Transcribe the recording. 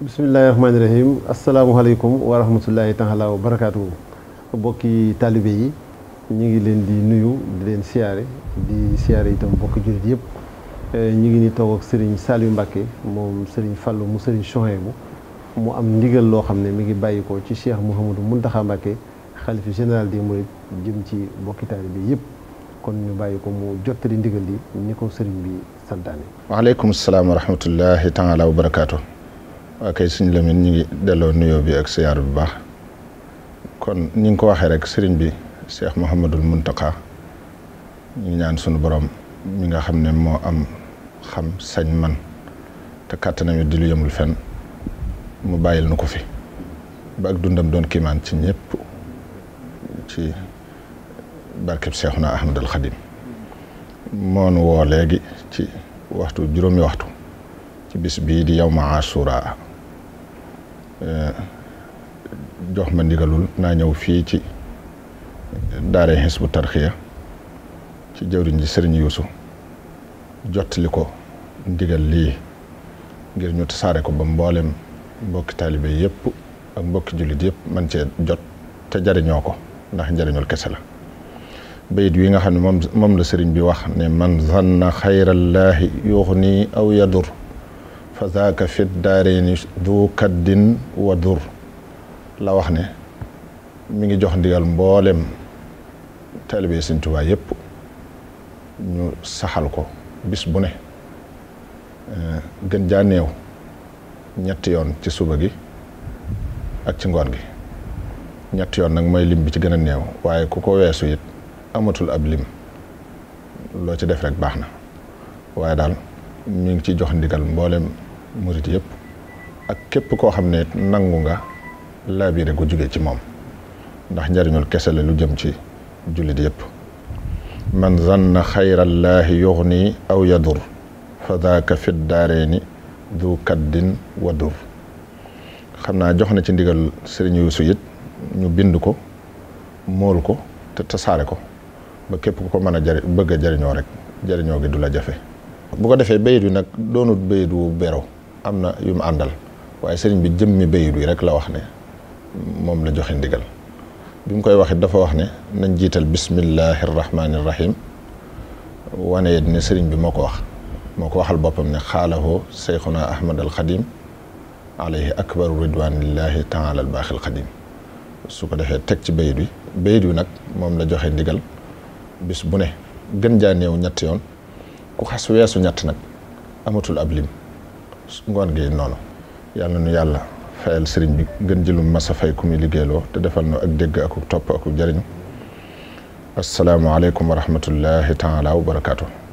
bisimilahi rahmaani rahim asalaamualeykum wa rahmatullahi taala wa barakaatu bokki taalibe yi ñu ngi leen di nuyu di leen siyaare di siyaare itam bokki jullit yëpp eh, ñu ngi ni toog ak Serigne Saliou Mbacke moom Serigne Fallou mu Serigne Chouhaïbou mu am ndigal loo xam ne mi ngi bàyyi ko ci Cheikh Mouhamadou Mountakha Mbacke xalifi général des Mourides jëm ci bokki taalibe yëpp kon ñu bàyyi ko mu jottali ndigal li ni ko Serigne bi santaane. waaleykum salaam wa rahmatullahi taala waa kay sëñ Lamine ñu ngi delloo nuyoo bi ak siyaar bu baax kon ñi ngi ko waxee rek sëriñ bi Cheikh Mouhamadul Mountakha ñu ñaan sunu boroom mi nga xam ne moo am xam sañ man te kàttanam it di lu fen fenn mu bàyyil nu ko fi ba ak dundam doon kiimaan ci ñëpp ci barkeb Seexuna Ahmadul Xadim moonu woo léegi ci waxtu juróomi waxtu ci bis bii di yow ma asura Euh, jox ma ndigalul naa ñëw fii ci daare Hizbut Tarqiyyah ci jëwriñ ji Sëriñ Yuusu jottali ko ndigal lii ngir ñu saare ko ba mboolem mbokki taalibe yëpp ak mbokki jullit yëpp man ci jot te jariñoo ko ndax njariñul kese la bayit wi nga xam ne moom moom la sëriñ bi wax ne man zanna xayrallaahi nii aw yadur fa zaaka fit daarayni du kaddin wa dur la wax ne mu ngi jox ndigal mboolem taalibe Sëñ Tuubaa yépp ñu saxal ko bis bu ne eh, gën jaa néew ñetti yoon ci suba gi ak ci ngoon gi ñetti yoon nag mooy lim bi ci gën a néew waaye ku ko weesu it amatul ab lim loo ci def rek baax na waaye daal mi ngi ci jox ndigal mboolem murit yëpp ak képp koo xam ne nangu nga laabire gu jóge ci moom ndax njariñul kese la lu jëm ci jullit yëpp man zanna xayrallaahi yuxni aw yadur fa daaka fi daareeni du kaddin wa dur xam naa jox na ci ndigal sëriñ Yuusu it ñu bind ko mool ko te tasaare ko ba képp ko mën a jari bëgg a jariñoo rek jariñoo gi du la jafe bu ko defee bayit wi nag doonut bayit wu beraw am na yu mu àndal waaye sëriñ bi jëmmi béy bi rek la wax ne moom la joxe ndigal bi koy waxit dafa wax ne nañ jiital bismillahi rahmaani rahim wane sëriñ bi moo ko wax moo ko waxal boppam ne xaalahoo seyxuna ahmad al xadim alayhi akbaru ridwanillahi taala al baaxil xadim su ko defee teg ci bayit wi bayit wi nag moom la joxe ndigal bis bu ne gën jaa néew ñett yoon ku xas weesu ñett nag amatul ab lim ngoon gi noonu yàlla nu yàlla fayal sëriñ bi gën jëlum masa fay ku muy liggéeyloo te defal no ak dégg akuk topp akuk jëriñ asalaamualeykum wa rahmatullahi taala wa barakaatu.